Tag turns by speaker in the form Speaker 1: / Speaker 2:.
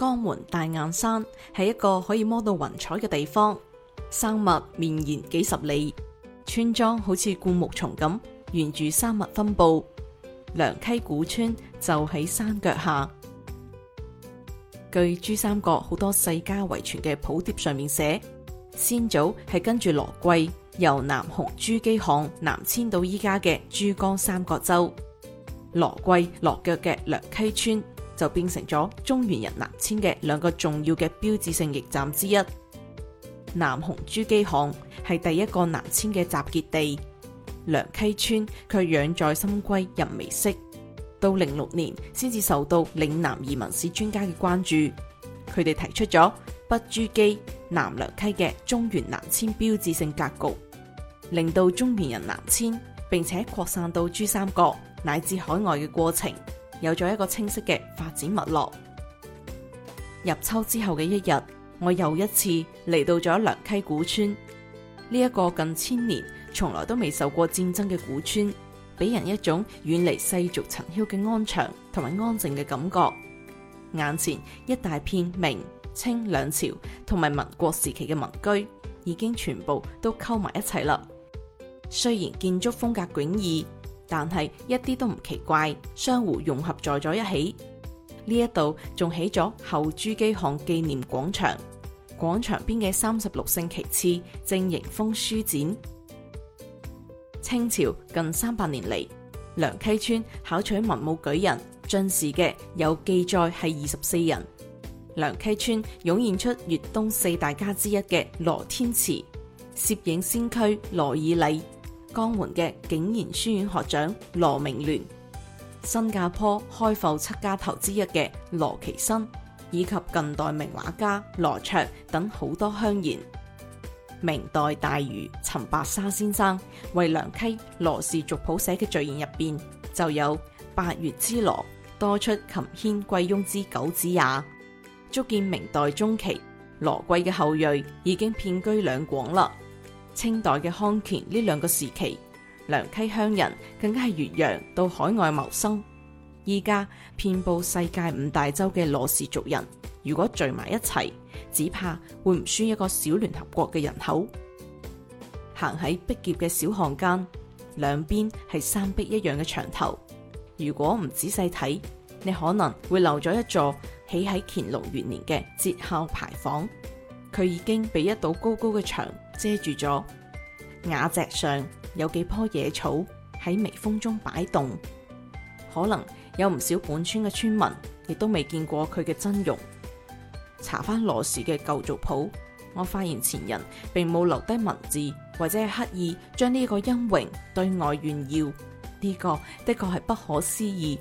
Speaker 1: 江門大雁山係一個可以摸到雲彩嘅地方，山脈綿延幾十里，村莊好似灌木叢咁，沿住山脈分布。良溪古村就喺山腳下。據珠三角好多世家遺存嘅譜牒上面寫，先祖係跟住羅貴由南雄珠璣巷南遷到依家嘅珠江三角洲，羅貴落腳嘅良溪村。就變成咗中原人南遷嘅兩個重要嘅標誌性驛站之一。南雄珠璣巷係第一個南遷嘅集結地，良溪村卻養在深閨人未識，到零六年先至受到嶺南移民史專家嘅關注。佢哋提出咗北珠璣、南良溪嘅中原南遷標誌性格局，令到中原人南遷，並且擴散到珠三角乃至海外嘅過程。有咗一個清晰嘅發展脈絡。入秋之後嘅一日，我又一次嚟到咗良溪古村，呢一個近千年從來都未受過戰爭嘅古村，俾人一種遠離世俗塵囂嘅安詳同埋安靜嘅感覺。眼前一大片明清兩朝同埋民國時期嘅民居，已經全部都溝埋一齊啦。雖然建築風格迥異。但係一啲都唔奇怪，相互融合在咗一起。呢一度仲起咗後珠璣巷紀念廣場，廣場邊嘅三十六姓旗幟正迎風舒展。清朝近三百年嚟，良溪村考取文武舉人、進士嘅有記載係二十四人。良溪村湧現出粵東四大家之一嘅羅天池，攝影先驅羅以禮。江門嘅景賢書院學長羅鳴銮、新加坡開埠七家頭之一嘅羅奇生，以及近代名畫家羅卓等好多鄉賢。明代大儒陳白沙先生為良溪羅氏族譜寫嘅序言入邊，就有“百粵之羅，多出琴軒貴翁之九子也”，足見明代中期羅貴嘅後裔已經遍居兩廣啦。清代嘅康乾呢兩個時期，良溪鄉人更加係越洋到海外謀生。依家遍布世界五大洲嘅羅氏族人，如果聚埋一齊，只怕會唔輸一個小聯合國嘅人口。碧劫行喺逼仄嘅小巷間，兩邊係山壁一樣嘅牆頭。如果唔仔細睇，你可能會漏咗一座起喺乾隆元年嘅節孝牌坊。佢已經被一道高高嘅牆。遮住咗。瓦脊上，有幾棵野草喺微風中擺動。可能有唔少本村嘅村民亦都未見過佢嘅真容。查翻羅氏嘅舊族譜，我發現前人並冇留低文字，或者係刻意將呢個恩榮對外炫耀。呢個的確係不可思議。